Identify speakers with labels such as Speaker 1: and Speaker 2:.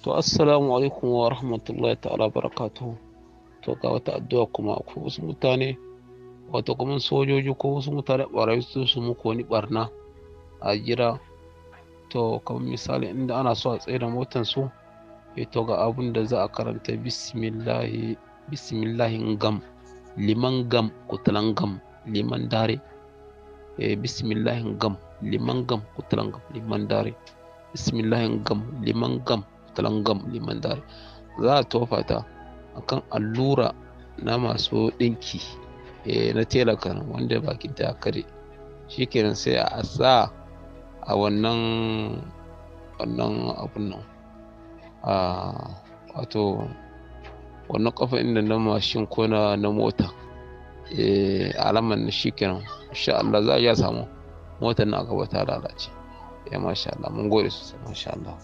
Speaker 1: to assalamu alaikum wa rahmatullahi ta'ala barakatuhu to ga wata addu'a kuma ko wasu mutane wato kuma sojoji ko wasu mutane barayi su su muku wani barna a gida to kamar misali inda ana so a tsaye da motan su eh to ga abun da za a karanta bismillahi bismillahi gam liman gam kutalan gam liman dare bismillahi gam liman gam kutalan gam liman dare bismillahi gam liman gam talangam limandar za a tofa ta akan allura na masu ɗinki eh, na telakan wanda bakin ta kare shi kenan sai a sa a wannan wannan abun nan a wato wannan kafa inda na mashin ko na mota eh, alaman shi kenan shi Allah za a iya samu motar na gaba ta lalace ya eh, masha Allah mun gode sosai masha Allah